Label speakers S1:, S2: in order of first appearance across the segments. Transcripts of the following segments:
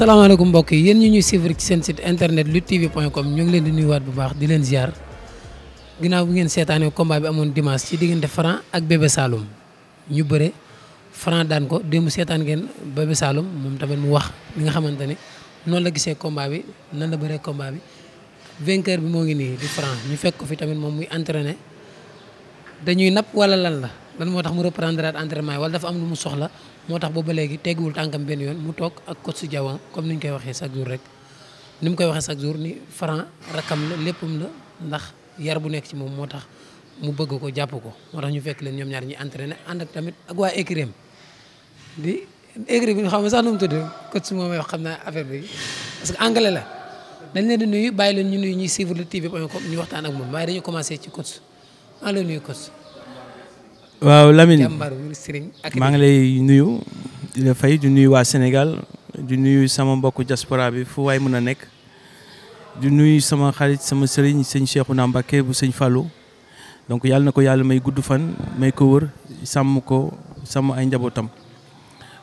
S1: salaamaaleykum mbokk yi yéen ñi ñuy suivre ci seen site internet luttetv.com ñu ngi leen di nuyuwaat bu baax di leen ziar ginnaaw bi ngeen seetaanee combat bi amoon dimanche ci diggante Franc ak Bébé Saloum ñu bëre Franc daan ko démb seetaan ngeen Bébé Saloum moom tamit mu wax li nga xamante ne noonu la gisee combat bi nan la bëree combat bi vainqueur bi moo ngi nii di Franc ñu fekk ko fi tamit moom muy entraîné dañuy nap wala lan la lan moo tax mu reprendre at wala dafa am lu mu soxla. moo tax booba léegi teguwul tànkam benn yoon mu toog ak coach Diawa comme ni ñu koy waxee chaque jour rek ni mu koy waxee chaque jour ni Franc rakkam la léppam la ndax yar bu nekk ci moom moo tax mu bëgg ko jàpp ko moo tax ñu fekk leen ñoom ñaar ñuy entraîné ànd ak tamit ak waa écurie di écurie bi xam nga sax nu mu tudd coach moom may wax xam naa affaire bi parce que anglais la dañ leen di nuyu bàyyi leen ñu nuyu ñuy suivre le tv point com ñu waxtaan ak moom waaye dañu commencé ci coach maa ngi lay
S2: waaw Lamine maa ngi lay nuyu di la fay du nuyu waa Sénégal du nuyu sama mbokku diaspora bi fu waay mën a nekk du nuyu sama xarit sama sëriñ sëñ Cheikhouna Mbacké bu sëñ Fallou donc yàlla na ko yàlla may gudd fan may ko wër sàmm ko sàmm ay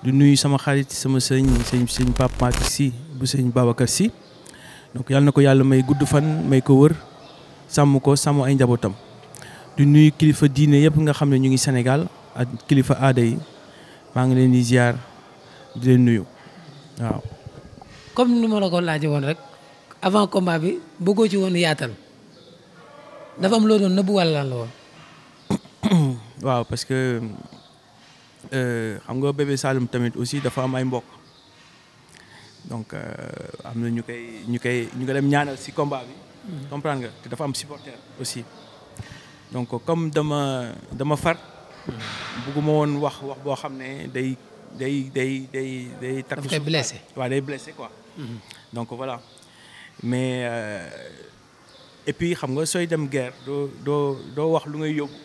S2: di nuyu sama xarit sama sëñ sëñ sëñ bu sëñ Babacar Sy donc yàlla na ko yàlla may gudd fan may ko wër sàmm ko sàmm ay njabootam du nuyu kilifa diine yëpp nga xam ne ñu ngi Sénégal ak kilifa aada yi maa ngi leen di ziar di leen nuyu waaw.
S1: comme ni ma la ko laajee woon rek avant combat bi bëggoo ci woon yaatal dafa am loo doon nëbbu walla lan woon.
S2: waaw parce que euh, xam nga bébé Saloum tamit aussi dafa am ay mbokk donc euh, am na ñu koy ñu koy ñu ko dem ñaanal si combat bi. Mm. comprendre nga dafa am supporter aussi. donc comme dama dama far bugguma woon wax wax boo xam ne day day day day day takk daf koy blessé waaw day blessé quoi mhm. donc voilà mais euh, et puis xam nga sooy dem guerre doo doo doo wax lu ngay yóbbu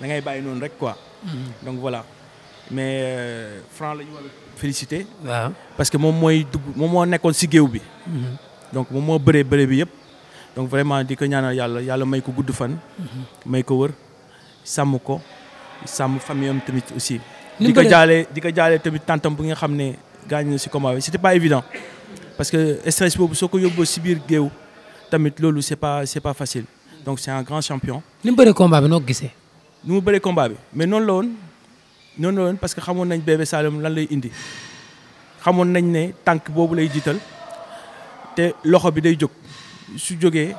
S2: da ngay bàyyi noonu rek quoi mhm. donc voilà mais euh, Franc la ñu war a félicité parce que moom mooy dugg moom moo nekkoon si géew bi mhm. donc moom moo bëree bëree bi yëpp donc vraiment di ko ñaanal yàlla yàlla may ko gudd fan. may ko wër sàmm ko sàmm famille am tamit aussi. di ko jaale di ko jaale tamit tantam bu nga xam ne gaañ na si combat bi c'était pas évident. parce que stress boobu soo ko yóbboo si biir géew tamit loolu c'est pas c'est pas facile donc c'est un grand champion.
S1: ni mu bëree combat bi noo gisee.
S2: ni mu bëree combat bi mais noonu la woon noonu la woon parce que xamoon nañ bébé Saloum lan lay indi xamoon nañ ne tànk boobu lay jiital te loxo bi day jóg. su jógee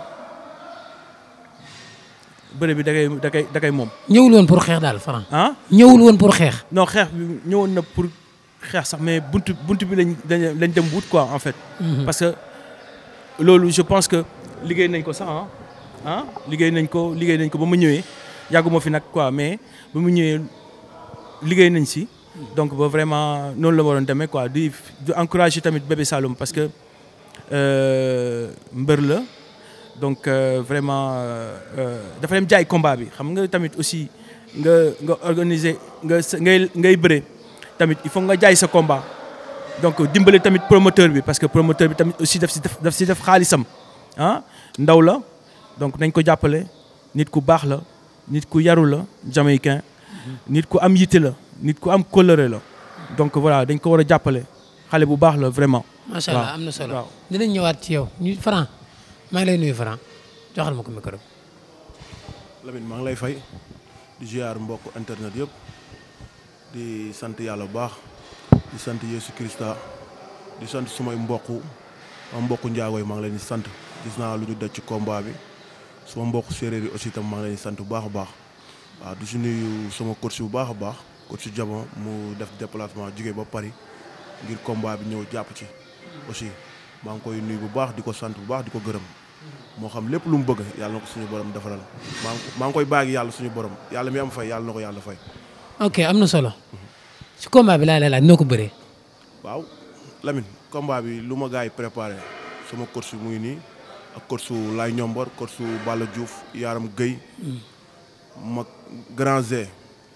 S2: bëre bi da kay da kay da moom. ñëwul woon pour xeex daal Franc. ah ñëwul woon pour xeex. non xeex bi ñëwoon na pour xeex sax mais bunt buntu bi lañ lañ dem wut quoi en fait. Mhm. parce que loolu je pense que liggéey nañ ko sax ah. ah liggéey nañ ko liggéey nañ ko ba mu ñëwee yàgguma fi nag quoi mais ba mu ñëwee liggéey nañ si. Mhm. donc ba vraiment noonu la waroon demee quoi di di encourager tamit bébé Saloum parce que. Euh, mbër la donc euh, vraiment euh, dafa dem jaay combat bi xam nga tamit aussi nga nga organiser nga ngay ngay bëre tamit il faut nga jaay sa combat donc dimbale tamit promoteur bi parce que promoteur bi tamit aussi si def daf si def xaalisam ah ndaw la donc nañ ko jàppale nit ku baax la nit ku yaru la jamaïcain nit ku am yitte la nit ku am coloré la donc voilà dañ ko war a jàppale xale bu baax la vraiment macha allah
S1: am na solo waaw dinañ ñëwaat ci yow ñu Franc maa lay nuyu Franc joxal ma ko micro bi.
S3: Lamine maa ngi lay fay di ziar mbokk internet yëpp di sant yàlla bu baax di sant Yeesu Krista di sant sumay mbokk ma mbokk njaago yi maa ngi leen di sant gis naa lu ñu daj ci combat bi suma mbokk séeréer yi aussi tam maa ngi sant bu baax a baax waa du si nuyu sama coach bu baax a baax coach Jama mu def déplacement jóge ba Paris ngir combat bi ñëw jàpp ci. aussi maa ngi koy nuyu bu baax di ko sant bu baax di ko gërëm moo xam lépp lu mu bëgg yàlla na ko suñu borom defaral maa ngi maa ngi koy bàyyi yàlla suñu borom yàlla mi am fay yàlla na ko yàlla fay.
S1: ok am na solo. ci combat bi laa lay laaj ko bëree.
S3: waaw Lamine combat bi lu ma gars yi préparé sama coach mu ngi nii ak coach su Laye Ñombor coach su Balla Diouf Yaram Guèye. Hmm. ma grand G.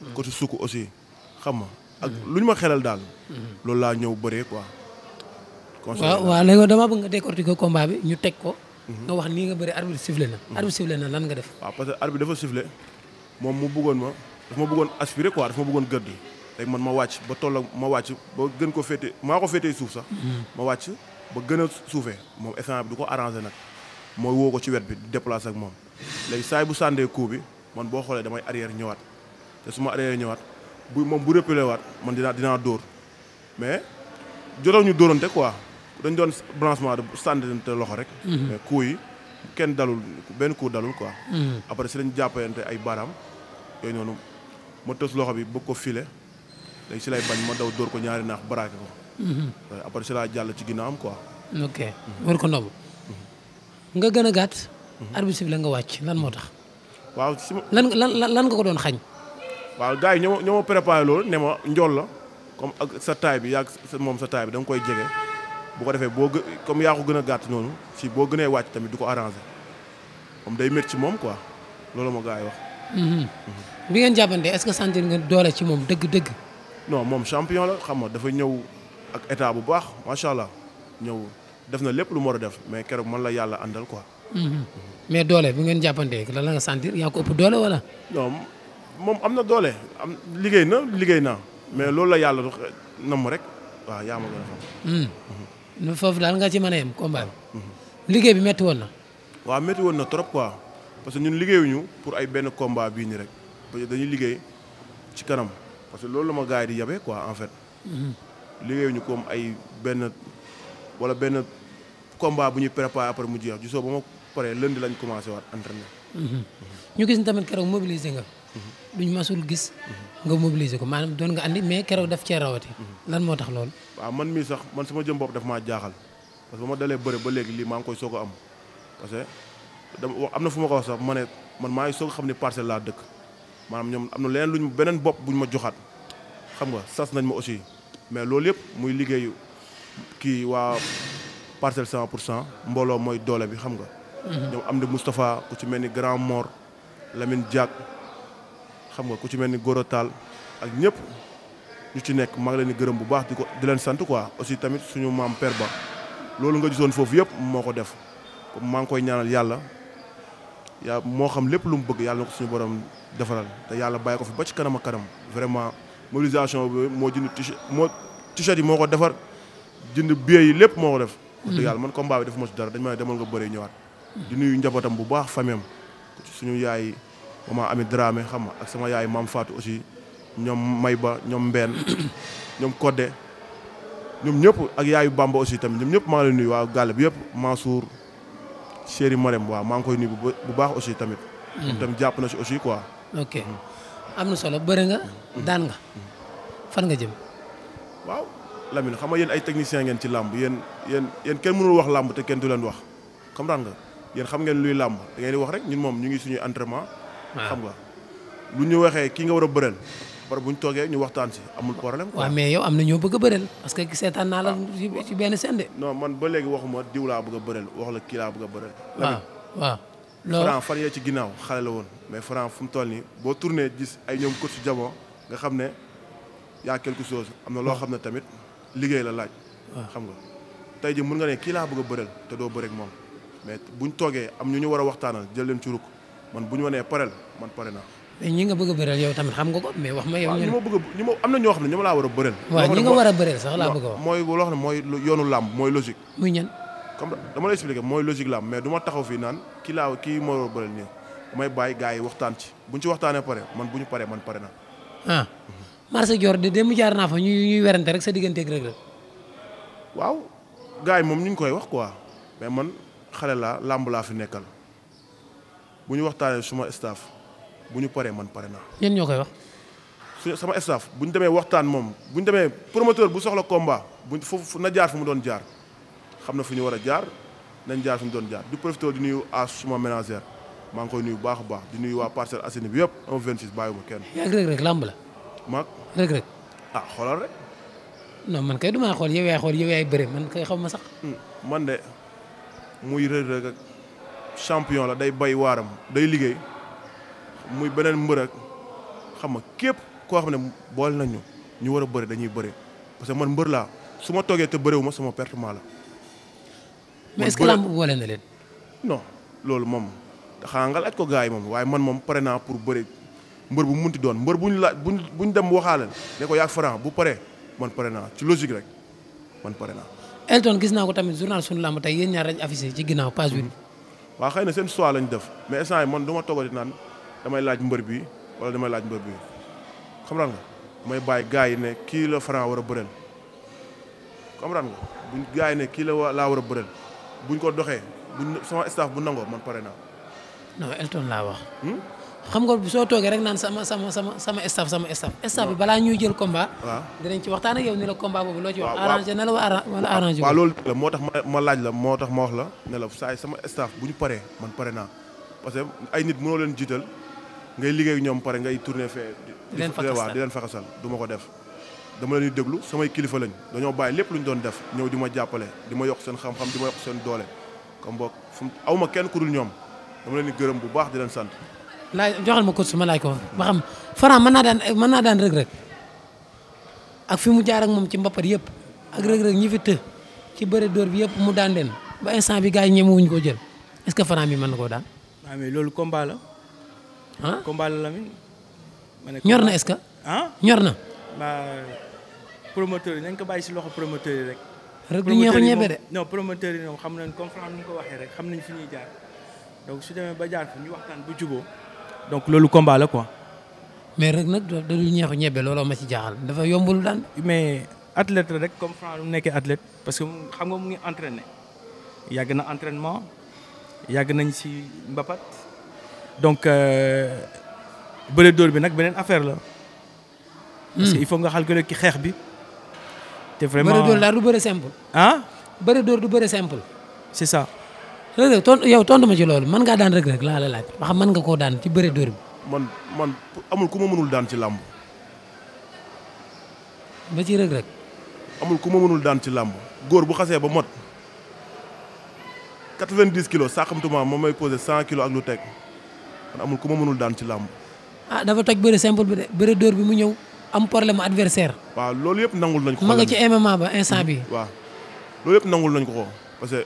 S3: Hmm. coach su Suku aussi xam ma ak hmm. lu ñu ma xelal daal. loolu laa ñëw bëree ko waaw waaw léegi
S1: dama bëgg nga décortiquer combat bi ñu teg ko.
S3: Mhm. nga wax nii nga bëri arbitre sifflé na. Mhm. arbitre sifflé na lan nga def. waaw parce que arbitre dafa sifflé moom mu bëggoon ma dafa ma bëggoon aspiré quoi dafa ma bëggoon gëdd. léegi man ma wàcc ba tolloo ma wàcc ba gën ko féete maa ko féetee suuf sax. Mhm. ma wàcc ba gën a suufee moom instant bi du ko arrangé nag mooy woo ko ci wet bi di déplacé ak moom. léegi saa bu sàndee coup bi man boo xoolee damay arrière ñëwaat te su ma arrière ñëwaat bu moom bu rëppale waat man dinaa dinaa dóor mais jotoon ñu dóorante quoi. dañ doon balancement de sànnante loxo rek. Mhm. mais coup yi kenn dalul benn kuu dalul quoi. Mhm. après si lañ ay baaraam noonu ma loxo bi bëgg ko file léegi si lay bañ ma daw dóor ko ñaari naax baraake ko. Mhm. Euh, après si laa jàll ci ginnaawam quoi. ok war ko ndob.
S1: nga gën a gàtt. arbitre bi la nga wàcc lan moo tax.
S3: waaw si ma lan lan lan nga ko doon xañ. waaw gars yi ñoo ma ñoo ma préparé loolu ne ma njool la comme ak sa taay bi yàgg moom sa taay bi da koy jege. bu ko defee boo gë comme yaa ko gën a gàtt noonu fii boo gënee wàcc tamit du ko arrangé moom day métti ci moom quoi loolu ma gars yi wax. bi mhm. mhm.
S1: ngeen jàppante est-ce que sentir nga doole ci moom dëgg-dëgg.
S3: non moom champion la xam ma dafa ñëw ak état bu baax macha allah ñëw def na lépp lu mu war a def mais keroog man la yàlla àndal quoi.
S1: Mhm. mais doole bu ngeen jàppantee lan la nga sentir yaa ko ëpp doole wala.
S3: non moom am na doole am liggéey na liggéey naa mais loolu la yàlla eh, nam rek waaw yaa ma
S1: lu foofu daal nga ci mën a yem combat bi. Ah. Mhm. liggéey bi métti woon na.
S3: waaw métti woon na trop quoi parce que ñun liggéeyuñu pour ay benn combat bii nii rek parce que dañuy liggéey ci kanam parce que loolu la ma gars yi di yabe quoi en fait. Mhm. liggéeyuñu comme ay benn wala benn combat bu ñuy préparé après mu jeex ju soo ba ma paree lundi lañ commencé waat entraîner.
S1: Mhm. ñu gis ni tamit keroog mobilisé nga. luñ masul gis nga mobiliser ko maanaam doon nga andi mais keroog daf cee rawati lan moo tax
S3: loolu waaw man mii sax man sama jëm bopp daf maa jaaxal parce ma dalee bëre ba léegi lii maa ngi koy soog am parce que dama am na fu ma ko wax sax man maa ngi soog xam ne parcelle laa dëkk maanaam ñoom am na leneen luñ beneen bopp buñ ma joxaat xam nga sas nañ ma aussi mais loolu yëpp muy liggéeyu kii waa parcelle 100 pour cent mbooloo mooy doole bi xam nga mm-hmm. ñoom am na Moustapha ku ci mel ni Grand Mor Lamine Diack xam nga ku ci mel ni Goro taal ak ñëpp ñu ci nekk maa ngi leen di gërëm bu baax di ko di leen sant quoi aussi tamit suñu maam Père Ba loolu nga gisoon foofu yëpp moo ko def maa ngi koy ñaanal yàlla yaa moo xam lépp lu mu bëgg yàlla ko suñu borom defaral te yàlla bàyyi ko fi ba ci kanam kanam vraiment mobilisation bi moo jënd t moo t-shirt yi moo ko defar jënd billet yi lépp moo ko def. Mm-hmm. wax dëgg yàlla man ko bi def ma ci dara dañ ma ne demal nga bëree ñëwaat. di nuyu njabootam bu baax famem suñu yaay. maman Ami Dramé xam nga ak sama yaay maam Fatou aussi ñoom may ba ñoom Mbène ñoom Codé ñoom ñëpp ak yaayu Bamba aussi tamit ñoom ñëpp maa ngi lay nuyu waa gàll bi yëpp Mansour chéri Marème waaw maa ngi koy nuyu bu baax aussi tamit. Mm-hmm. moom tamit jàpp na si aussi quoi. Mm-hmm.
S1: am na solo bëri nga. Mm-hmm. daan nga fan nga jëm.
S3: waaw lamin xam nga yéen ay technicien ngeen ci làmb yéen yéen yéen kenn mënul wax làmb te kenn du leen wax xam nga yéen xam ngeen luy làmb da di wax rek ñun moom ñu ngi suñuy entraînement. Ah. xam nga lu ñu waxee kii nga war a bëreel par bu ñu toogee ñu waxtaan si amul problème. waaw mais
S1: yow am na ñoo bëgg a bëreel parce que seetaan naa la ci benn sende.
S3: non man ba léegi waxuma diw laa bëgg a bëreel wax la kii laa bëgg a bëreel. waaw waaw loolu Franc fan yee ci ginnaaw xale la woon mais Franc fu mu toll nii boo tourné gis ay ñoom coach si nga xam ne yaa quelque chose am na loo xam ne tamit liggéey la laaj. xam nga tey ji mën nga ne kii laa bëgg a bëreel te doo bëreeg moom mais buñ toogee am ñu ñu war a waxtaanal jël leen ci rukk man bu ñu wanee nee man pare naa.
S1: ñi nga bëgg a bëreel tamit xam nga ko wax a ma
S3: am na xam ne ma a bëreel. waaw ñi a bëreel a mooy loo mooy yoonu làmb mooy logique. muy ñan. comme dama lay mooy logique làmb mais du ma taxaw fii naan kii laa kii moo war a bëreel yi waxtaan ci buñ ci waxtaanee pare man bu ñu paree man pare naa.
S1: ah. marché Dior de démb jaar naa fa ñuy ñuy werante rek sa digganteeg rek
S3: la. waaw gars yi moom ñu koy wax quoi mais man xale laa làmb laa fi nekkal bu ñu waxtaanee suma staff bu ñu paree man pare naa. yéen ñoo koy wax. su sama staff bu ñu demee waxtaan moom bu ñu demee promoteur bu soxla combat bu foofu na jaar fu mu doon jaar xam na fu ñu war a jaar nañ jaar fu mu doon jaar du profité di nuyu à suma ménagère maa ngi koy nuyu bu baax a baax di nuyu waa Parcelles Assainies bi yëpp ama 26 bàyyiwuma kenn. yaa ngi Reug làmb la. maag Reug Reug. ah xoolal rek.
S1: non man kay du maa xool yow yaay xool yow yaay bëre man kay xaw ma sax. Hmm,
S3: man de muy Reug champion la day bay waaram day liggéey muy beneen mbër ak xam nga képp koo xam ne bool nañu ñu war a bëri dañuy bëri parce que man mbër laa su ma toogee te bëriwu ma sama pertement la. mais est-ce que lamb leen. non loolu moom xanaa nga ko gars yi moom waaye man moom pare naa pour bëri mbër bu munti doon mbër bu ñu laaj bu ñu dem waxaale ne ko yaag Franc bu pare man pare naa ci logique rek man pare naa.
S1: Elton gis naa ko tamit journal sunu lamb tey yéen ñaar dañu affiché ci ginnaaw page
S3: waa xëy na seen choix lañ def mais instant yi man du ma naan damay laaj mbër bi wala damay laaj mbër bi xam nga may bàyyi gars yi ne kii la Franc war a bëreel xam nga buñ gars yi ne kii la laa war a bëreel buñ ko doxee buñ sama bu nangoo man pare naa. non Elton laa wax. Hmm?
S1: xam nga bi soo toogee rek naan sama sama sama sama staff sama staff. staff bi balaa ñuy jël combat. waaw dinañ ci waxtaan ak yow ni la loo ci wax. arrangé na la
S3: moo tax ma ma laaj la moo tax ma wax la ne la saa sama staff bu ñu paree man pare naa parce que ay nit mënoo leen jiital ngay liggéey ak ñoom pare ngay tourné fee. di leen faxasal di leen faxasal du ma ko def. dama leen déglu samay kilifa lañ dañoo bàyyi lépp lu ñu doon def ñëw di ma jàppale di ma yokk seen xam-xam di ma yokk seen doole comme boog fu aw ma kenn ku dul ñoom dama leen di gërëm bu baax di leen sant
S1: laaj joxal ma ko su ma laaj ko ma xam Franc man naa daan mën naa daan rëg-rëg ak fi mu jaar ak moom ci mbapat yëpp ak rëg-rëg ñi fi të ci bëre door bi yëpp mu daan leen ba instant bi gars yi ñemewuñu koo jël est-ce que Franc bi mën na koo
S2: daan. waaw ah, loolu combat la. ah combat ne ñor na est-ce que. ñor na. waa promoteur yi nañ ko bàyyi si loxo promoteur yi rek. rek du ñeexu ñebe de. non promoteur yi moom xam nañ comme Franc ni ko waxee rek xam nañ fi ñuy jaar donc su demee ba jaar fi ñu waxtaan bu juboo donc loolu combat la
S1: mais rek nag da ñebe looloo ma ci jaaxal dafa yombul daan. mais athlète rek
S2: comme Franc lu mu nekkee athlète parce que xam nga mu ngi entraîné yàgg na entrainement yàgg nañ si mbapat donc euh, bëre dóor bi nag beneen affaire la. parce que il faut nga calculer ki xeex bi. te vraiment bëre dóor daal du bëre simple. ah bëre dóor du bëre simple. c'est ça. Reug Reug
S1: tontu yow tontu ma ci loolu mën ngaa daan Reug Reug laa la laaj ba xam mën nga koo daan ci bëre dóor bi.
S3: man man amul ku ma mënul daan ci làmb. ba ci Reug Reug. amul ku ma mënul daan ci làmb góor bu xasee ba mot 90 kilos sàqamtuma moom may posé 100 kilos ak lu teg man amul ku ma mënul daan ci làmb.
S1: ah dafa toj bëre simple bi de bëre dóor bi mu ñëw am problème mu adversaire.
S3: waaw loolu yëpp nangul nañ ko. ma nga ci MMA ba instant bi waaw loolu yëpp nangul nañ ko ko parce que.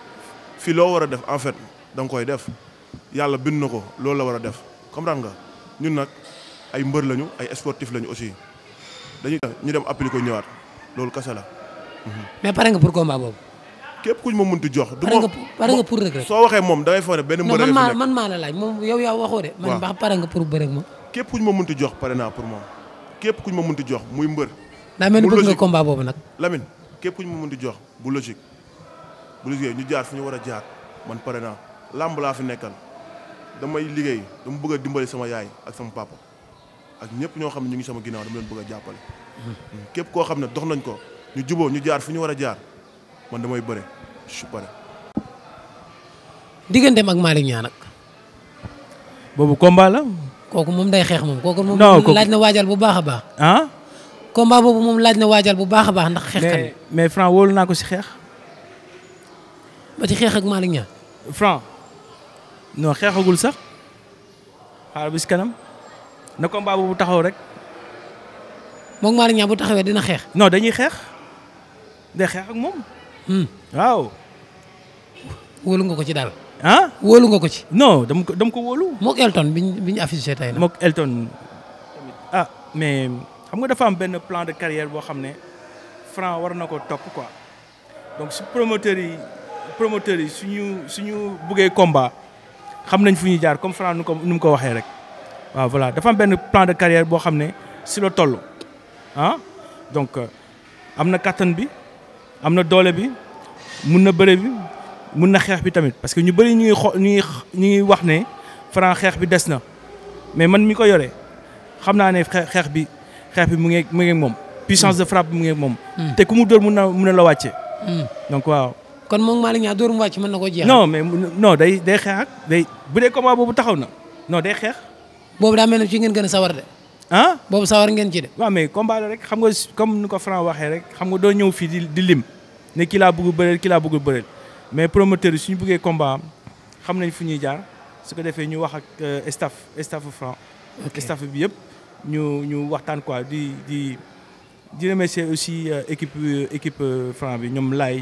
S3: fii loo war a def en fait da koy def yàlla bind na ko loolu la war a def comme ran nga ñun nag ay mbër lañu ay sportif lañu aussi dañuy ñu dem appli ko ñëwaat loolu kese la. Mhm. mais pare nga pour combat boobu. képp kuñ ma mënti jox. du ma pare nga pour moom da ngay foog ne benn mbër man
S1: maa moom yow yaa waxoo de. man baax
S3: pare nga pour bëre ak képp kuñ ma mënti jox pare naa pour moom képp kuñ ma mënti jox muy mbër. daa mel ni bëgg nga combat boobu nag. Lamine képp kuñ ma mënti jox bu logique. bu liggéey ñu jaar fu ñu war a jaar man pare naa làmb laa fi nekkal damay liggéey dama bëgg a dimbali sama yaay ak sama papa ak ñëpp ñoo xam ne ñu ngi sama ginaaw dama leen bëgg a jàppale. Hmm. képp koo xam ne dox nañ ko ñu juboo ñu jaar fu ñu war a jaar man damay bëre je suis pare. digganteem ak Malick Niang nag. boobu combat la.
S1: kooku moom day xeex moom. kooku moom laaj na waajal bu baax a baax. ah. combat boobu moom laaj na waajal bu baax a baax ndax. xeex kan
S2: mais mais naa ko si xeex. ba ci xeex ak Malick Niang. Franc no xeexagul sax xaaral bis kanam na combat bu taxaw rek.
S1: moom Malick Niang bu taxawee dina xeex.
S2: non dañuy xeex day xeex ak moom. Hmm. waaw. woolu nga ko ci daal. ah wóolu nga ko ci. non dam ko dama ko wóolu. moog Elton bi ñu bi ñu affiché tey nag. moog Elton ah mais xam nga dafa am benn plan de carrière boo xam ne Franc war na ko topp quoi donc su promoteur yi. promoteurs yi suñu suñu buggee combat xam nañ fu ñuy jaar comme Franc nu ko nu mu ko waxee rek waaw voilà dafa am benn plan de carrière boo xam ne si la toll ah donc euh, am na kattan bi am na doole bi mun na bëre bi mun na xeex bi tamit parce que ñu bëri ñu ngi xo ñu ngi ñu ngi wax ne Franc xeex bi des na mais man mi ko yore xam naa ne xeex bi xeex bi mu ngi mu ngi moom puissance de frappe bi mu ngi moom hmm. te ku mu dóor mun na mun na la wàcce hmm. donc waaw kon moom Malick Niang
S1: dóor mu wàcc mën na ko jeex. non
S2: mais non day day xeex ak day bu dee combat boobu taxaw na non day xeex. boobu daa mel ne ci ngeen gën a sawar de. ah boobu sawar ngeen ci de. waa mais combat la rek xam nga comme ni ko Franc waxee rek xam nga doo ñëw fii di di lim ne kila laa bëgg kila kii laa mais promoteur yi suñu buggee combat xam nañ fu ñuy jaar su ko defee ñu wax ak euh, staff staffu Franc. staff bi yëpp ñu ñu waxtaan quoi di di di remercier aussi euh, équipe euh, équipe Franc bi ñoom laay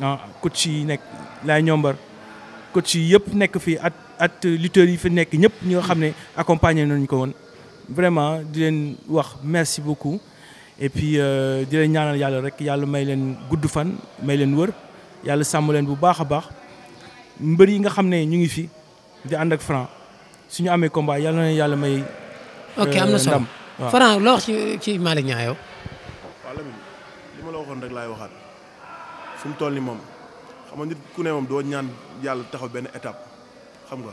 S2: Ah, coach si nekk laay ñombar coach si yëpp nekk fii at at lutteurs yi fi nekk ñëpp ñoo xam ne accompagné nañu ko woon vraiment di leen wax merci beaucoup et puis euh, di leen ñaanal yàlla rek yàlla may leen gudd fan may leen wër yàlla sàmm leen bu baax a baax mbër yi nga xam ne ñu ngi fi di ànd ak su ñu amee combat yàlla na yàlla may. ok am euh, loo wax ci ci Malick Niang yow.
S3: waaw Lamine li ma la waxoon rek laay waxaat. fu mu toll nii moom xam nga nit ku ne moom doo ñaan yàlla taxaw benn étape xam nga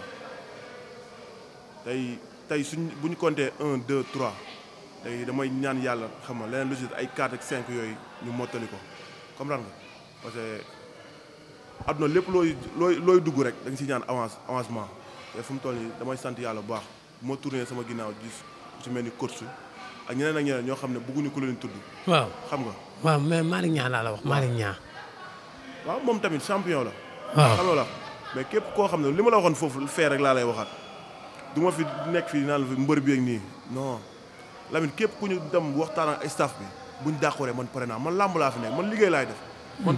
S3: tey tey suñ bu ñu compté un deux trois tey damay ñaan yàlla xam na leneen lu ci ay quatre cinq yooyu ñu mottali ko comprendre nga parce que adduna lépp looy looy looy dugg rek da nga ñaan avance avancement te fu mu toll nii damay sant yàlla bu baax bu ma tourné sama ginnaaw gis su mel ni coach ak ñeneen ak ñeneen ñoo xam ne bëgguñu ku leen tudd. waaw xam nga. waaw mais Malick Niang laa la wax Malick Niang. waaw moom tamit champion la. waaw xam la mais képp koo xam ne li ma la waxoon foofu fee rek laa lay waxaat du ma fi nekk fii naan la fi mbër bi ak nii non képp ku ñu dem waxtaan ak bi buñ dàquree man pare naa man làmb laa fi nekk man liggéey laay def. man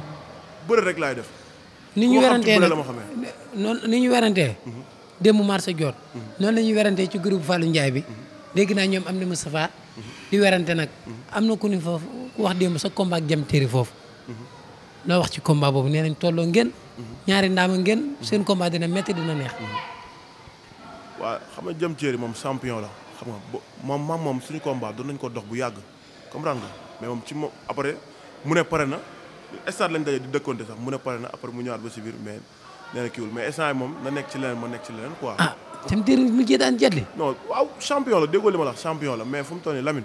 S3: bëre rek laay def. ni ñu werantee nag
S1: noonu ni ñu werantee. Mhm. démb marché jot. Mhm. noonu la ñu werantee ci groupe Fallou Ndiaye bi. Mhm. dégg naa ñoom am na Moustapha di werante nag. am na ku ni foofu wax démb sa combat jam téeri foofu. loo wax ci combat boobu nee nañ tolloo ngeen. ñaari ndaama ngeen seen combat dina métti
S3: dina neex. waa xam nga Diam Terry moom champion la xam nga ba moom maam moom suñu combat doon nañ ko dox bu yàgg comprendre nga mais moom ci moom après mu ne pare na stade lañ daje di dëkkonte sax mu ne pare na après mu ñëwaat ba si mais nee na kiiwul mais stade moom na nekk ci leneen ma nekk ci leneen quoi. ah
S1: Diam Terry mu mujjee daan jëli.
S3: non waaw champion la déggoo li ma la wax la mais fu mu toll nii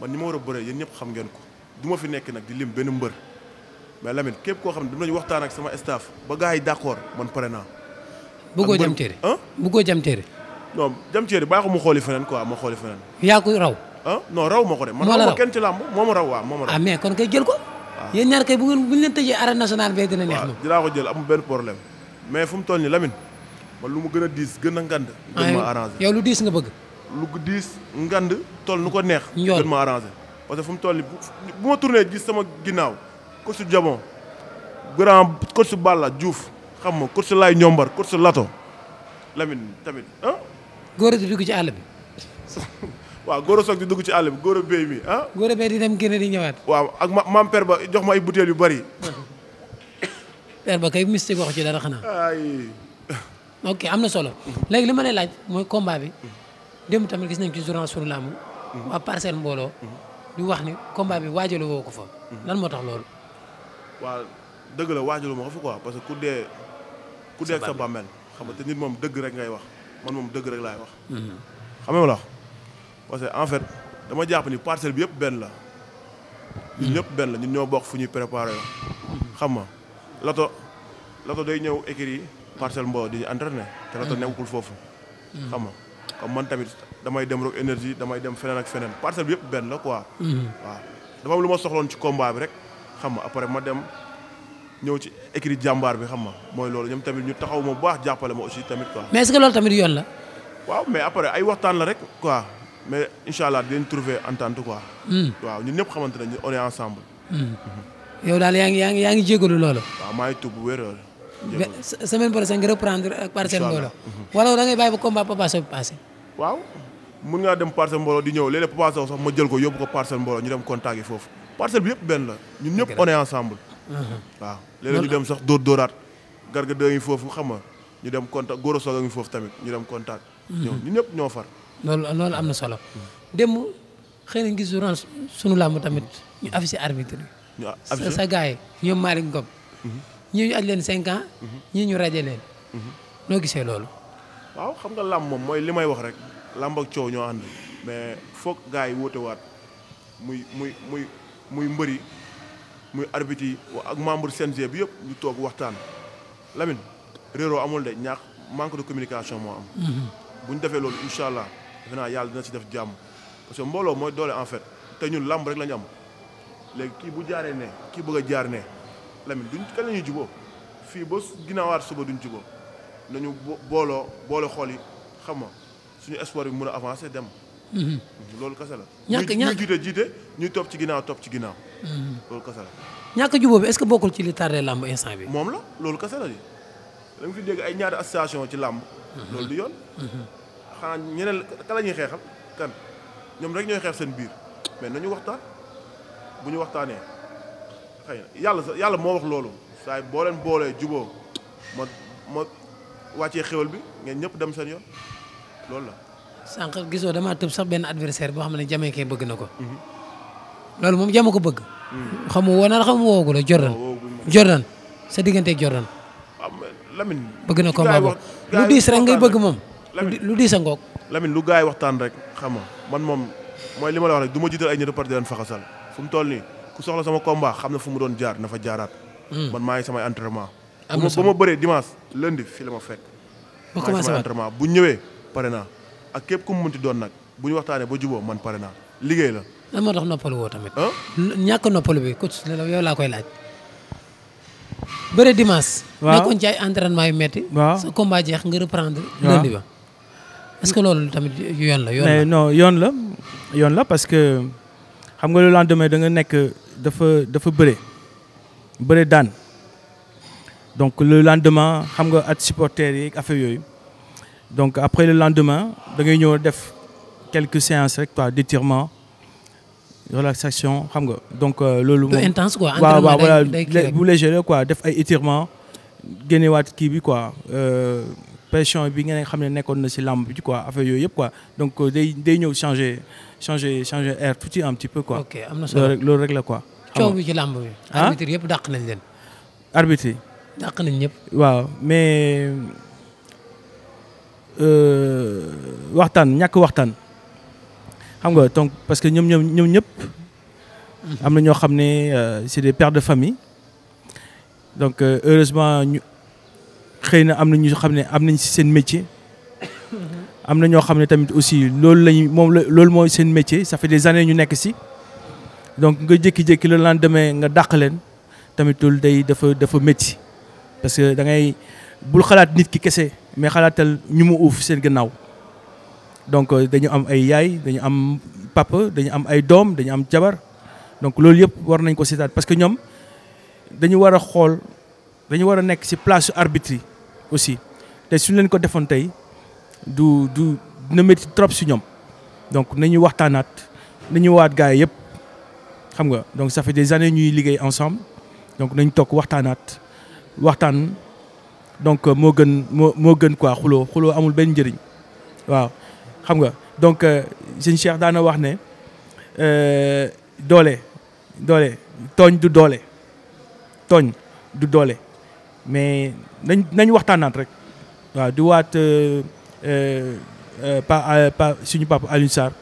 S3: man ni ma war a bëree yéen ñëpp xam ngeen ko du ma fi nekk nag di lim benn mbër. mais lamit képp koo xam ne dinañ waxtaan ak sama staff ba gars yi d'accord man pare naa. bëggoo jam téere ah bëggoo jam non jam téere baaxu mu xooli feneen quoi ma xooli feneen. yaa ko raw. ah non raw ma ko de. ma kenn ci làmb moo ma raw waaw moo ma
S1: raw. ah mais kon kay jël ko. waaw yéen ñaar kay bu ngeen bu ñu leen tëjee arène nationale bee dina neex. waaw
S3: dinaa ko jël amul benn problème mais fu mu toll nii Lamine man lu ma gën a diis gën a ngand. gën ma ah, arrangé yow lu diis nga bëgg. lu diis ngand toll nu ko neex. gën ma arrangé parce fu mu toll nii bu ma tourné gis sama ginnaaw coach Jabon grand coach Balla Diouf xam ma coach Laay Ñombar coach Lato Lamine tamit ah. góor di dugg ci àll bi. waaw góor soog di dugg ci àll bi góor béy mi ah. góor béy di dem génne di ñëwaat. waaw ak maam père ba jox ma ay butéel yu bari.
S1: père ba kay mystique wax ci dara xanaa. ok am na solo. léegi li ma lay laaj mooy combat bi. démb tamit gis nañ ci journal sur laamu. Mhm. waa parcelle mbooloo. Mhm. di wax ni combat bi waajalu woo ko fa. Mhm. lan moo tax loolu.
S3: waa dëgg la waajulu ma ko fi quoi parce que ku dee ku dee sa bàmmeel xam ni te nit moom dëgg rek ngay wax man moom dëgg rek laay wax mhm. xam nga la parce que en fait dama jàpp ni parcelle bi yëpp benn la ñun benn la ñun ñoo bokk fu ñuy préparé xam nga lato lato day ñëw écrit yi parcelle mbo di ñu entraîné te lato mhm. nekkul foofu mhm. xam nga comme man tamit damay dem rek énergie damay dem feneen ak feneen parcelle bi yëpp benn la quoi waaw dafa lu ma soxloon ci combat rek xam ma après ma dem ñëw ci écrit jàmbaar bi xam ma mooy loolu ñoom tamit ñu taxaw ma bu baax jàppale ma aussi tamit quoi. mais
S1: est-ce que loolu tamit yoon la.
S3: waaw mais après ay waxtaan la rek quoi mais incha allah dinañ trouver hmm. ñëpp xamante nañu on est ensemble.
S1: Hmm. yow daal yaa ngi yaa ngi yaa ngi jégalu loolu.
S3: waaw maa ngi tubb wér
S1: semaine prochaine nga reprendre ak parcelle mbooloo. Hmm. wala da ngay bàyyi ba combat Papa Sow bi passé.
S3: waaw mun ngaa dem parcelle mbooloo di ñëw léeg-léeg Papa Sow ma jël ko yóbbu ko parcelle mbooloo ñu dem contact yi foofu. parcelle bi yëpp benn la ñun ñëpp on ensemble. waaw léeg ñu dem sax dóor dóoraat garga dëgg yi foofu xam nga ñu dem contact góor a soog a ngi foofu tamit ñu dem contact. ñoom ñun ñëpp ñoo far.
S1: loolu loolu am na solo. démb xëy na gis ren làmb tamit ñu affiché arbitre bi. sa gars yi ñoom Malick Ngom. Mm-hmm. ñii ñu aj leen cinq ans. Mm-hmm. ñii ñu raje leen. Mm-hmm. noo gisee loolu.
S3: waaw xam nga làmb moom mooy li may wax rek làmb ak coow ñoo ànd mais foog gars yi wóotewaat muy muy muy muy mbër muy arbitre wa ak membre CNG bi yëpp ñu toog waxtaan lamin réeroo amul de ñax manque de communication moo am. Mm-hmm. bu ñu defee loolu incha allah defe naa yàlla dina ci def jàmm parce que mbooloo mooy doole en fait te ñu làmb rek la am léegi kii bu jaaree ne kii bëgg a jaar ne Lamine duñ kañ la jiboo fii ba ginnaawaat suba duñ jubóo nañu booloo boole xool yi xam nga suñu espoir bi mën a avancer dem. Mhm. loolu kasa la. ñàkk ñàkk ñuy jiite jiite ñuy topp ci ginnaaw topp ci ginnaaw. Mhm. loolu kasa la.
S1: ñàkk jubóo bi est-ce que bokkul ci li tardé làmb instant
S3: bi. moom la loolu kasa la de fi dégg ay ñaari association ci làmb. Mhm. loolu du yoon. xanaa ñeneen ka la ñuy xeexal kan ñoom rek ñooy xeex seen biir mais nañu waxtaan bu ñu waxtaanee xëy yàlla sa yàlla moo wax loolu saa boo leen boolee juboo ma ma wàccee xéwal bi ngeen ñëpp dem seen yoon loolu la. sànq gisoo damaa tëb sax
S1: benn adversaire boo xam ne Jamaïcain bëgg na ko. Mhm. loolu moom jama ko bëgg. Mhm. xam nga woo na la xam nga woogu la Jordan. Jordan sa digganteeg Jordan.
S3: Lamine bëgg na combat boobu lu diis rek ngay bëgg moom. lu diis a ngoog. Lamine lu gars waxtaan rek xam man moom mooy li ma la wax rek du ma jiital ay ñebe par di leen faxasal fu mu toll nii ku soxla sama combat xam na fu mu doon jaar na fa jaaraat. Hmm. man maa ngi samay entraînement. am ba ma bëree dimanche lundi fii la ma fekk. ba commencé waat maa ak képp ku mu munti doon nag bu ñu waxtaanee ba juboo man pare naa liggéey la.
S1: lan moo tax noppalu woo tamit. ñàkk noppalu bi coach yow laa koy waaw nekkoon ci ay entraînement yu jeex nga reprendre. lundi ba est que
S2: loolu tamit yoon la yoon la. yoon la yoon la parce que xam nga le lendemain da nga nekk dafa dafa bëre bëre daan donc le lendemain xam nga at supporters yi ak yooyu. donc après le lendemain da ngay ñëw def quelques séances rek quoi d'étirement relaxation xam nga donc euh, loolu. moom intense quoi waaw waaw voilà bu léger la quoi def ay étirement génnewaat kii bi quoi euh, pression bi ngeen xam ne nekkoon na si làmb bi quoi affaire yooyu yëpp quoi donc euh, day day ñëw changer changé changer air tuuti un petit peu quoi. ok am na solo loolu rek loolu rek la quoi. coow bi ci làmb bi. arbitre
S1: yëpp dàq nañ leen.
S2: arbitre yi. dàq nañ ñëpp. waaw mais. Euh, waxtaan ñàkk waxtaan xam nga donc parce que ñoom ñoom ñoom ñëpp am na ñoo xam ne euh, c'est des pères de famille donc euh, heureusement xëy na am na ñu xam ne am nañ si seen métier am na ñoo xam ne tamit aussi loolu lañu moom la loolu mooy seen métier ça fait des années ñu nekk si donc nga jékki-jékki le lendemain nga dàq leen tamit loolu day dafa dafa métti parce que da ngay bul xalaat nit ki kese mais xalaatal ñu mu uuf seen gannaaw donc euh, dañu am ay yaay dañu am papa dañu am ay doom dañu am jabar donc loolu yëpp war nañ ko seetaat parce que ñoom dañu war a xool dañu war a nekk ci place arbitre aussi te suñu leen ko defoon tey du du dina métti trop si ñoom donc nañu waxtaanaat nañu waat gars yëpp xam nga donc ça fait des années ñuy liggéey ensemble donc nañu toog waxtaanaat waxtaan. donc euh, moo gën moo moo gën quoi xuloo xuloo amul benn njëriñ waaw xam nga donc euh, sëñ Cheikh daana wax ne euh, doole doole tooñ du doole tooñ du doole mais nañ nañ waxtaanaat rek waaw di waat pa pa suñu papa Alioune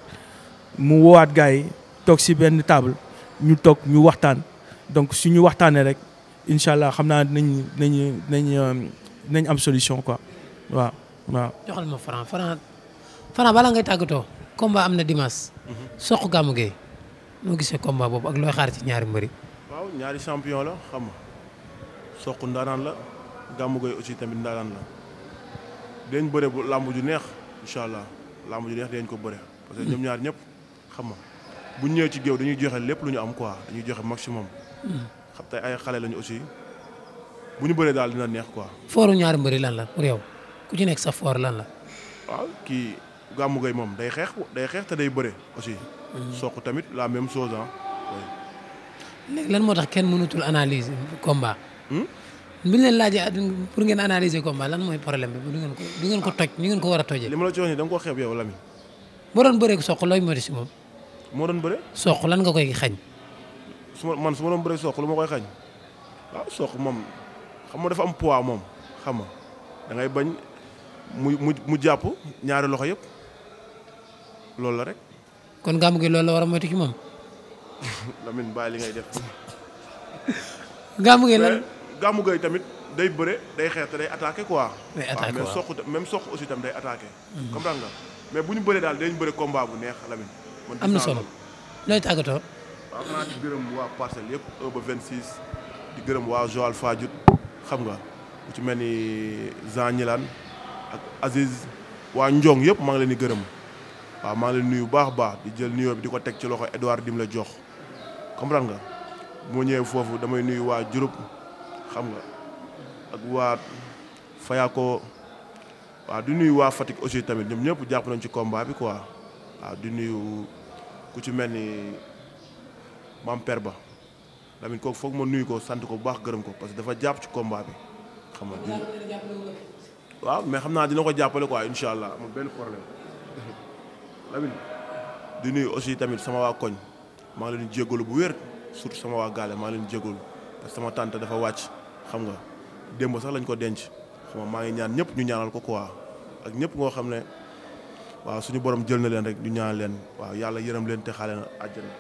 S2: mu woowaat gars yi toog si benn table ñu toog ñu waxtaan donc suñu waxtaanee rek incha allah xam naa nañ nañ nañ dinañ am solution quoi waaw waaw.
S1: joxal ma Franc Franc Franc bala ngay tàggatoo. combat am na dimanche. Mhm. Sokh Gamou Gueye. noo gisee combat boobu ak looy xaar ci ñaari mbëri.
S3: waaw ñaari champion la xam nga soq ndaanaan la Gamou Gueye aussi tamit ndaanaan la dinañ bëre bu làmb ju neex incha allah làmb ju neex dinañ ko bëre. parce que ñoom ñaar ñëpp xam nga bu ñëwee ci géew dañuy joxe lépp lu ñu am quoi dañuy joxe maximum. Mhm. xam tey ay xale lañu aussi. bu ñu bëree daal dina neex quoi. fooru ñaari mbëri lan la
S1: pour yow ku ci nekk sa foor lan la.
S3: waaw ah, kii Gamou Gueye moom day xeex day xeex te day bëre aussi. Hmm. soq tamit la même chose ah.
S1: léegi lan moo tax kenn mënatul analyser combat. Hmm? bu ñu leen laajee pour ngeen analyser combat lan mooy problème bi du ngeen ko du ngeen ko toj ni ngeen ko war a tojee. li ma la ci wax nii da nga koo xeeb moo doon bëree soq looy moti si moom.
S3: moo doon bëree. soq
S1: lan nga koy xañ.
S3: su ma man su ma doon bëree soq lu ma koy xañ waaw ah, soq moom xam nga dafa am poids moom xam nga da ngay bañ mu mu mu jàpp ñaari loxo yëpp loolu la rek.
S1: kon gàmm gi loolu la war a moytu ci moom.
S3: Lamine bàyyi li ngay def.
S1: gàmm gi lan
S3: gàmmu gay tamit day bëre day xeex te day attaqué quoi. day attaqué mais soq même soq aussi tam day attaqué. Hmm. comprendre nga mais bu ñu bëree daal day ñu bëre combat bu neex Lamine. am na solo looy tàggatoo. waaw naa di gërëm waa parcelle yëpp 1 ba di gërëm waa Joal Fadiouth. xam nga ku ci mel ni Jean Ñilaan ak Aziz waa Njong yëpp maa ngi leen di gërëm waaw maa ngi leen nuyu baax baax di jël nuyoo bi di ko teg ci loxo Edouard dim la jox comprendre nga moo ñëwee foofu damay nuyu waa Diouroup xam nga ak waa Fayako waa di nuyu waa Fatick aussi tamit ñoom ñëpp jàpp nañ ci combat bi quoi waaw di nuyu ku ci mel ni Maam Ba Lamine kooku foog ma nuyu ko sant ko bu baax gërëm ko parce que dafa jàpp ci combat bi xam nga waaw mais xam naa dina ko jàppale quoi incha allah amul benn problème di nuy aussi tamit sama waa koñ maa leen jégalu bu wér surtout sama waa gaale maa leen jégalu parce sama tante dafa wàcc xam nga démb sax lañ ko denc xam nga maa ngi ñaan ñëpp ñu ñaanal ko ko quoi ak ñëpp ngoo xam ne waaw suñu borom jël na leen rek ñu ñaanal leen waaw yàlla yërëm leen te xaale na àjjana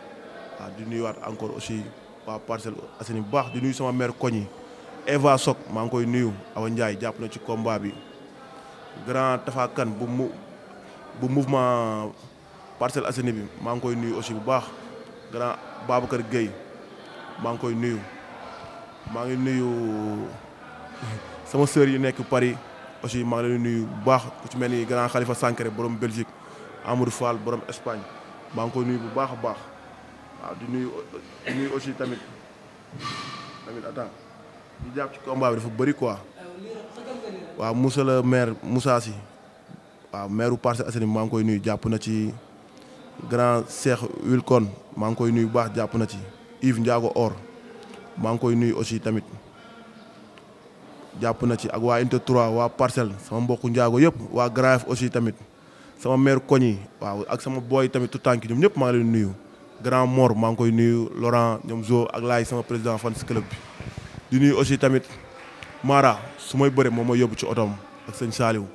S3: waaw di nuyuwaat encore aussi waa Parcelles Assainies bu baax di nuyu sama mère koñ yi Eva Sok maa ngi koy nuyu aw Ndiaye jàpp na ci combat bi grand Tafa Kane bu mu mouvement Parcelles Assainies bi maa ngi koy nuyu aussi bu baax grand Babacar Gueye maa ngi koy nuyu maa ngi nuyu sama sœur yi nekk Paris aussi maa ngi nuyu bu baax ku ci mel ni grand Khalifa Sankare borom Belgique Amadou Fall borom Espagne maa ngi koy nuyu bu baax baax waaw di nuyu aussi tamit tamit attends ñu jàpp ci combat dafa bëri quoi. waaw Moussa la maire Moussa Sy waaw maire bu Parcelles Assainies maa ngi koy nuyu jàpp na ci grand Cheikh Wilkon maa ngi koy nuyu bu baax jàpp na ci Yves Ndiago Or maa ngi koy nuyu aussi tamit jàpp na ci ak waa Unité waa Parcelles sama mbokku Ndiago yëpp waa Grand Yoff aussi tamit sama maire koñ yi waaw ak sama booy tamit tout tànk ñoom ñëpp maa nuyu. grand Mor maa ngi koy nuyu Laurent ñoom Zo ak laay sama président fans club bi. di nuyu aussi tamit Mara su may bëre moom mooy yóbbu ci otoom ak sëñ Saliou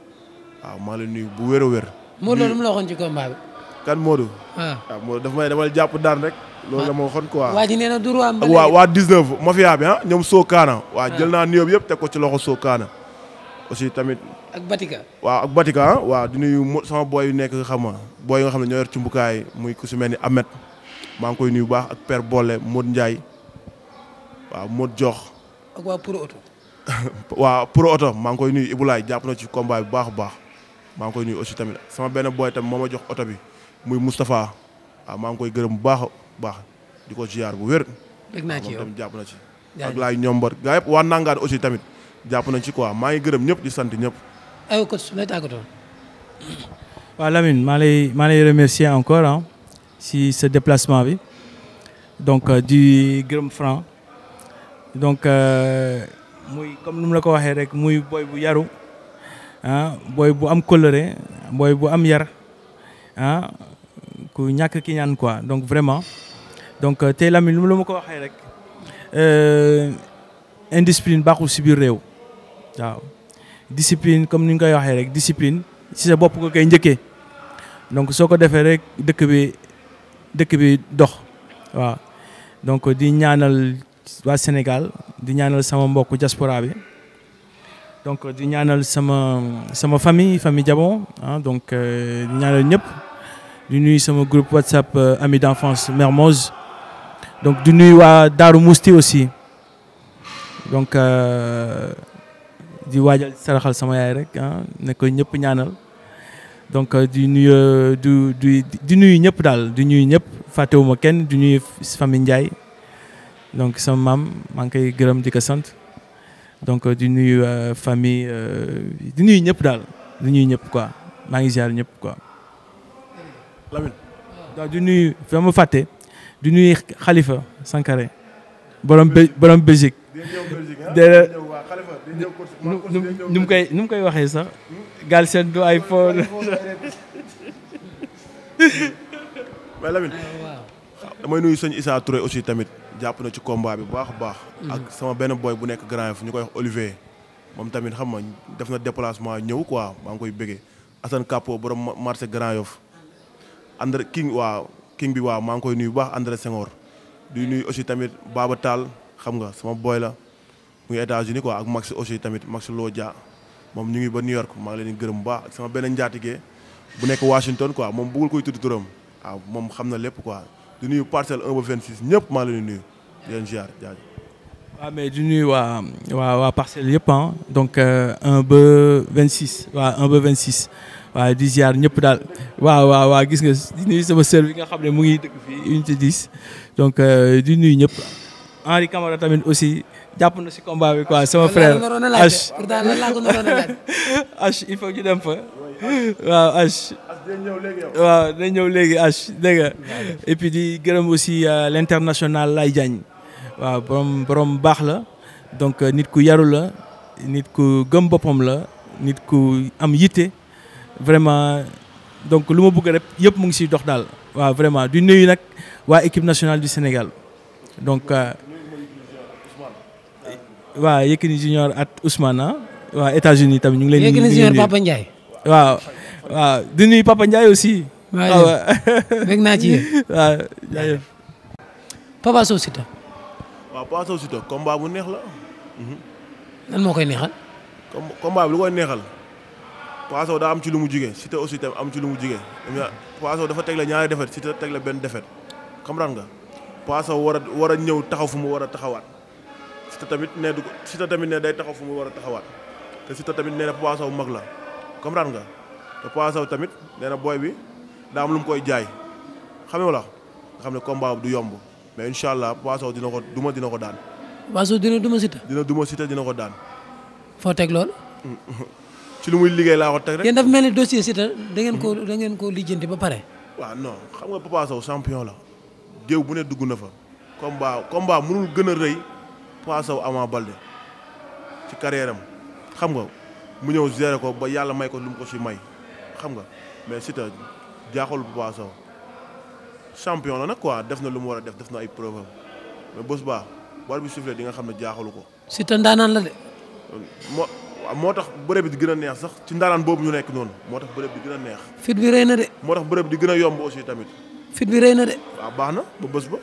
S3: waaw maa ngi nuyu bu wér a wér. Modou lu mu la
S1: waxoon ci combat bi. kan Modou. waaw ah.
S3: ah, dafa may dama jàpp daan rek. loolu la ma waxoon quoi. waa ji
S1: nee na Dóor waa Mbale. waa
S3: ah, waa jël naa nuyoo bi yëpp teg ko ci loxo kaana aussi tamit. ak Batika. waa ak Batika ah waaw di nuyu sama booy nekk nga xam ma booy yi nga xam ne ñoo yor cumbukaay muy ku si maa ngi koy nuyu baax ak Père boole Modou njaay waaw Modou Jox. ak waa Pro Auto. waaw Pro Auto maa ngi koy nuy Ibou Laye jàpp na ci combat bi baax a baax maa ngi koy nuyu aussi tamit sama benn boy tamit moo ma jox oto bi muy Moustapha waaw maa ngi koy gërëm bu baax a baax di ko ziar bu wér. dégg naa ci yow jàpp na ci. ak laay ñombar gaa yëpp waa aussi tamit jàpp nañ ci quoi maa ngi gërëm ñëpp di sant ñëpp.
S1: aywa coach su may
S2: maa lay remercier encore si ce déplacement bi donc euh, di gërëm Franc donc euh, muy comme nu mu la ko waxee rek muy booy bu yaru ah booy bu am coloré booy bu am yar ah ku ñàkk ki ñaan quoi donc vraiment donc euh, tey Lamine lu mu la ma ko waxee rek indiscipline baaxul si biir réew waaw discipline comme ni koy waxee rek discipline si sa bopp ko koy njëkkee donc soo ko defee rek dëkk bi dëkk bi dox waaw donc di ñaanal waa Sénégal di ñaanal sama mbokk diaspora bi donc di ñaanal sama sama famille famille Diabon ah donc euh, di ñaanal ñëpp di nuyu sama groupe WhatsApp euh, ami d'enfance Mermoz donc di nuyu waa Daaru Musti aussi donc euh, di waajal saraxal sama yaay rek ah ne ñëpp ñaanal donc euh, di nuyu euh, du du di nuyu ñëpp daal di nuy ñëpp fàttewuma kenn du nuyu famille Ndiaye donc sama maam maa ngi koy gërëm di sant donc euh, di nuyu famille di nuyu ñëpp daal di nuyu ñëpp quoi maa ngi ziar ñëpp quoi. Lamine. waaw di nuyu fi ma fàtte du nuy Khalifa Sankaré borom borom Belgique. Ah? de nu mu koy nu mu koy waxee sax. Hmm? Galsen du ay fon
S3: mais Lamine ah, damay nuyu sëñ Issa Touré aussi tamit jàpp na ci combat bi baax baax mm-hmm. ak sama benn booy bu nekk Grand Yoff ñu koy wax moom tamit xam nga def na déplacement ñëw quoi maa ngi koy bëggee Assane Kapo borom marché Grand Yoff André King waaw King bi waaw maa ngi koy nuyu baax André Senghor di nuyu aussi tamit baaba taal xam nga sama booy la muy États-Unis quoi ak Max aussi tamit Max Lodja moom ñu ngi ba New York maa ngi leen di gërëm bu sama benn njaatige bu nekk Washington quoi moom bëggul koy tudd turam waaw moom xam na lépp quoi di nuyu parcelle 1 ba 26 ñëpp maa ngi leen
S2: mais di nuyu waa waa waa parcelle yëpp ah donc 1 euh, ba 26 waaw 1 ba 26 waaw di ziar ñëpp daal waaw waaw waaw gis nga di nuyu sama sœur bi nga xam ne mu ngi dëkk fii unité 10 donc euh, di nuyu ñëpp Henri Camara tamit aussi. jàpp na si combat bi quoi sama frère il faut ñu dem fa waaw H. waaw ñëw léegi H dégg et puis di gërëm aussi euh, l' international lay Diagne waaw borom borom baax la donc euh, nit ku yaru la nit ku gëm boppam la nit ku am yitte vraiment donc lu ma bugg rek yëpp mu ngi siy dox daal waaw vraiment du nuyu nag waa équipe nationale du Sénégal donc. Euh, waaw Yékini junior at Ousmane ah waaw États-Unis tamit ñu ngi leen. Yékini junior Papa Ndiaye. waaw waaw di nuyu Papa Ndiaye aussi. waaw Papa Sow Siteu.
S3: waaw Papa bu neex la. Mhm.
S1: lan moo koy neexal.
S3: com combat bi lu koy neexal. Papa Sow daa am ci lu mu jugee Siteu aussi tam am ci lu mu jugee. Papa Sow dafa teg la ñaari défaite Siteu teg benn defet comprendre nga Papa Sow war war a ñëw taxaw fu mu war a taxawaat. Siteu tamit ne du Siteu tamit ne day taxaw fu mu war a taxawaat te Siteu tamit nee na Papa Sow mag la comprendre nga te Papa Sow tamit nee na booy bi daa am lu mu koy jaay xam la nga xam ne combat du yomb mais incha allah Papa Sow dina ko duma dina ko daan. Papa Sow dina duma Siteu. dina duma Siteu dina ko daan. foo teg loolu. ci lu muy liggéey laa ko teg rek. yéen dafa mel ni dossier Siteu
S1: da ngeen koo da ngeen koo lijjanti ba pare.
S3: waaw non xam nga Papa Sow champion la. géew bu ne dugg na fa. combat combat mënul gën a rëy. Papa Sow Ama Baldé ci carrière xam nga mu ñëw gérer ko ba yàlla may ko lu mu ko ci may xam nga mais Siteu jaaxul Papa Sow champion la nag quoi def na lu mu war a def def na ay problème mais bés baa war bi sifflé di nga xam ne jaaxalu ko.
S1: Siteu ndaanaan la de.
S3: moo moo tax bërëb di gën a neex sax ci ndaanaan boobu ñu nekk noonu moo tax bërëb bi di gën a neex. fit bi rëy na de. moo tax bërëb di gën a yomb aussi tamit. fit bi rëy na de. waaw baax na ba bës ba.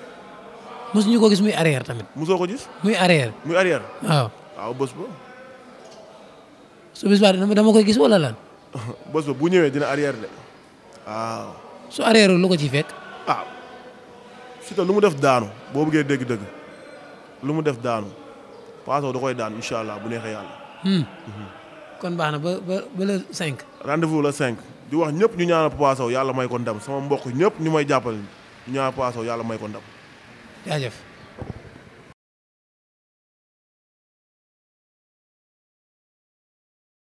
S3: ñu ko gis muy arrière tamit. musoo ko gis. muy arrière. muy arrière. waaw waaw bés ba.
S1: su bis ba dama koy gis wala lan.
S3: bés ba bu ñëwee dina arrière de waaw. su arrière lu ko ciy fekk. waaw ah. si lu mu def daanu boo bëggee dégg-dégg lu mu def daanu paaso da koy daan incha allah bu neexee yàlla.
S1: Hmm. Mhm. kon baax na ba ba ba le
S3: 5. rendez ju wax ñëpp ñu ñaanal Papa yàlla may ko ndam sama mbokk ñëpp ñu may jàppale
S2: ñu ñaanal Papa yàlla may ko ndam.
S3: jaajëf